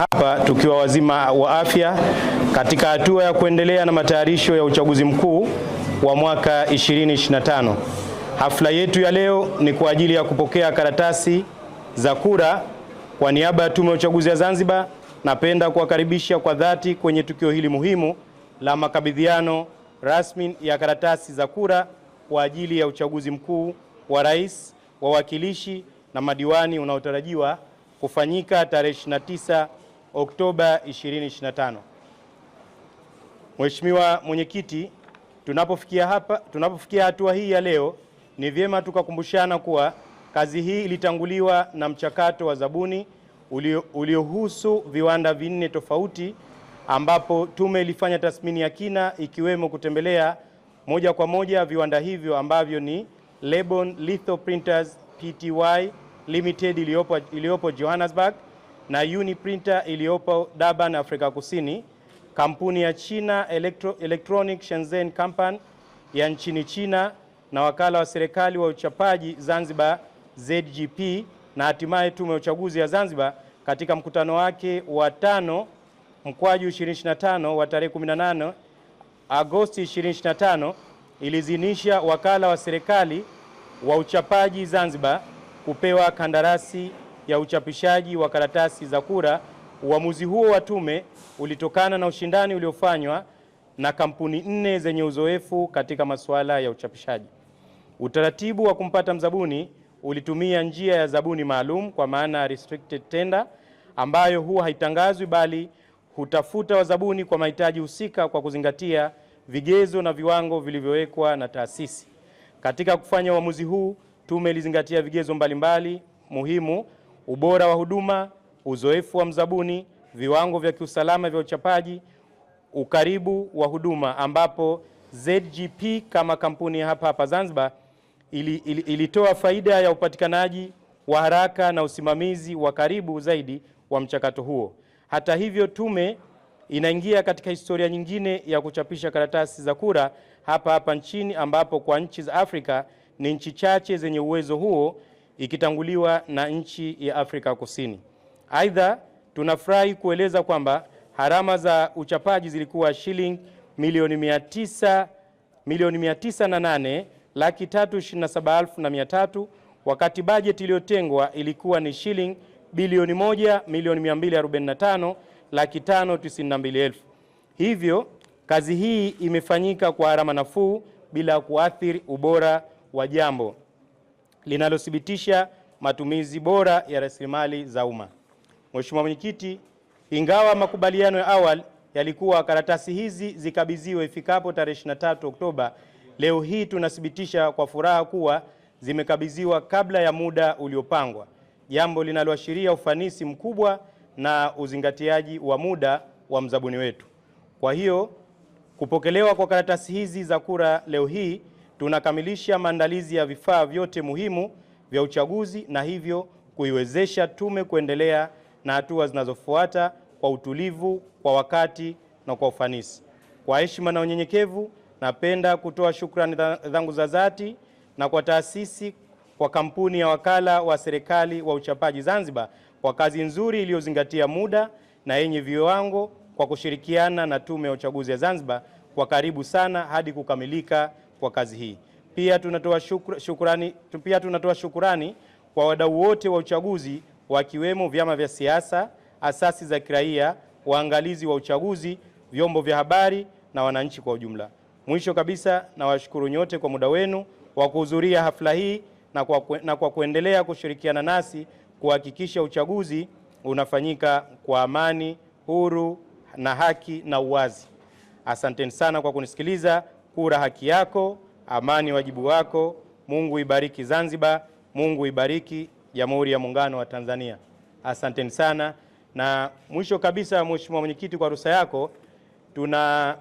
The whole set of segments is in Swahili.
hapa tukiwa wazima wa afya katika hatua ya kuendelea na matayarisho ya uchaguzi mkuu wa mwaka 2025. Hafla yetu ya leo ni kwa ajili ya kupokea karatasi za kura. Kwa niaba ya Tume ya Uchaguzi ya Zanzibar, napenda kuwakaribisha kwa dhati kwenye tukio hili muhimu la makabidhiano rasmi ya karatasi za kura kwa ajili ya uchaguzi mkuu wa rais, wawakilishi na madiwani unaotarajiwa kufanyika tarehe 29 Oktoba 2025. Mheshimiwa Mwenyekiti, tunapofikia hapa, tunapofikia hatua hii ya leo, ni vyema tukakumbushana kuwa kazi hii ilitanguliwa na mchakato wa zabuni uliohusu ulio viwanda vinne tofauti ambapo tume ilifanya tathmini ya kina ikiwemo kutembelea moja kwa moja viwanda hivyo ambavyo ni Lebon Litho Printers Pty Limited iliyopo Johannesburg na Uniprinter iliyopo Durban, Afrika Kusini, kampuni ya China Electro Electronic Shenzhen Company ya nchini China na wakala wa serikali wa uchapaji Zanzibar ZGP na hatimaye tume ya uchaguzi ya Zanzibar katika mkutano wake wa tano mkwaju 25 wa tarehe 18 Agosti 2025 ilizinisha wakala wa serikali wa uchapaji Zanzibar kupewa kandarasi ya uchapishaji wa karatasi za kura. Uamuzi huo wa tume ulitokana na ushindani uliofanywa na kampuni nne zenye uzoefu katika masuala ya uchapishaji. Utaratibu wa kumpata mzabuni ulitumia njia ya zabuni maalum kwa maana restricted tender, ambayo huwa haitangazwi bali hutafuta wazabuni kwa mahitaji husika kwa kuzingatia vigezo na viwango vilivyowekwa na taasisi. Katika kufanya uamuzi huu, tume ilizingatia vigezo mbalimbali mbali muhimu ubora wa huduma, uzoefu wa mzabuni, viwango vya kiusalama vya uchapaji, ukaribu wa huduma, ambapo ZGP kama kampuni hapa hapa Zanzibar ili, ili, ilitoa faida ya upatikanaji wa haraka na usimamizi wa karibu zaidi wa mchakato huo. Hata hivyo, tume inaingia katika historia nyingine ya kuchapisha karatasi za kura hapa hapa nchini ambapo kwa nchi za Afrika ni nchi chache zenye uwezo huo ikitanguliwa na nchi ya Afrika Kusini. Aidha, tunafurahi kueleza kwamba harama za uchapaji zilikuwa shilingi milioni mia tisa milioni mia tisa na nane laki tatu ishirini na saba elfu na mia tatu wakati bajeti iliyotengwa ilikuwa ni shilingi bilioni moja milioni mia mbili arobaini na tano laki tano tisini na mbili elfu. Hivyo kazi hii imefanyika kwa harama nafuu bila kuathiri ubora wa jambo linalothibitisha matumizi bora ya rasilimali za umma. Mheshimiwa Mwenyekiti, ingawa makubaliano ya awali yalikuwa karatasi hizi zikabidhiwe ifikapo tarehe 23 Oktoba, leo hii tunathibitisha kwa furaha kuwa zimekabidhiwa kabla ya muda uliopangwa, jambo linaloashiria ufanisi mkubwa na uzingatiaji wa muda wa mzabuni wetu. Kwa hiyo kupokelewa kwa karatasi hizi za kura leo hii tunakamilisha maandalizi ya vifaa vyote muhimu vya uchaguzi na hivyo kuiwezesha tume kuendelea na hatua zinazofuata kwa utulivu, kwa wakati na kwa ufanisi. Kwa heshima na unyenyekevu, napenda kutoa shukrani zangu za dhati na kwa taasisi kwa kampuni ya wakala wa serikali wa uchapaji Zanzibar kwa kazi nzuri iliyozingatia muda na yenye viwango kwa kushirikiana na Tume ya Uchaguzi ya Zanzibar kwa karibu sana hadi kukamilika kwa kazi hii. Pia tunatoa shukra, shukrani, pia tunatoa shukrani kwa wadau wote wa uchaguzi wakiwemo vyama vya siasa, asasi za kiraia, waangalizi wa uchaguzi, vyombo vya habari na wananchi kwa ujumla. Mwisho kabisa, nawashukuru nyote kwa muda wenu wa kuhudhuria hafla hii na kwa, na kwa kuendelea kushirikiana nasi kuhakikisha uchaguzi unafanyika kwa amani, huru na haki na uwazi. Asanteni sana kwa kunisikiliza kura haki yako, amani wajibu wako. Mungu ibariki Zanzibar, Mungu ibariki Jamhuri ya Muungano wa Tanzania. Asanteni sana. Na mwisho kabisa, Mheshimiwa Mwenyekiti, kwa ruhusa yako, tuna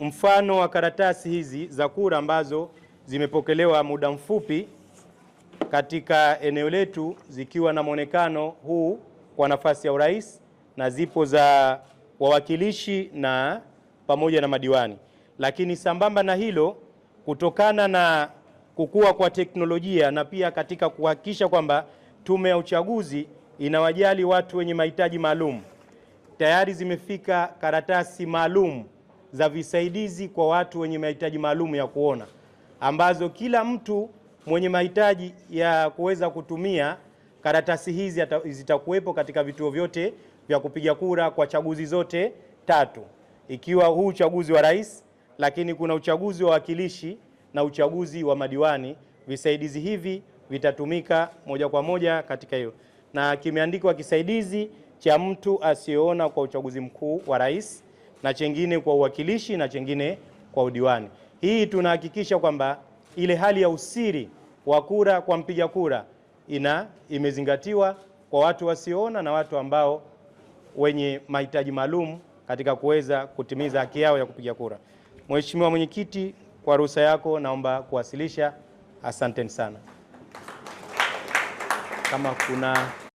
mfano wa karatasi hizi za kura ambazo zimepokelewa muda mfupi katika eneo letu zikiwa na mwonekano huu kwa nafasi ya urais na zipo za wawakilishi na pamoja na madiwani. Lakini sambamba na hilo, kutokana na kukua kwa teknolojia na pia katika kuhakikisha kwamba tume ya uchaguzi inawajali watu wenye mahitaji maalum, tayari zimefika karatasi maalum za visaidizi kwa watu wenye mahitaji maalum ya kuona, ambazo kila mtu mwenye mahitaji ya kuweza kutumia karatasi hizi zitakuwepo katika vituo vyote vya kupiga kura kwa chaguzi zote tatu, ikiwa huu uchaguzi wa rais lakini kuna uchaguzi wa wakilishi na uchaguzi wa madiwani. Visaidizi hivi vitatumika moja kwa moja katika hiyo, na kimeandikwa kisaidizi cha mtu asiyeona kwa uchaguzi mkuu wa rais, na chengine kwa uwakilishi, na chengine kwa udiwani. Hii tunahakikisha kwamba ile hali ya usiri wa kura kwa mpiga kura ina imezingatiwa kwa watu wasioona na watu ambao wenye mahitaji maalum katika kuweza kutimiza haki yao ya kupiga kura. Mheshimiwa Mwenyekiti, kwa ruhusa yako naomba kuwasilisha. Asanteni sana. Kama kuna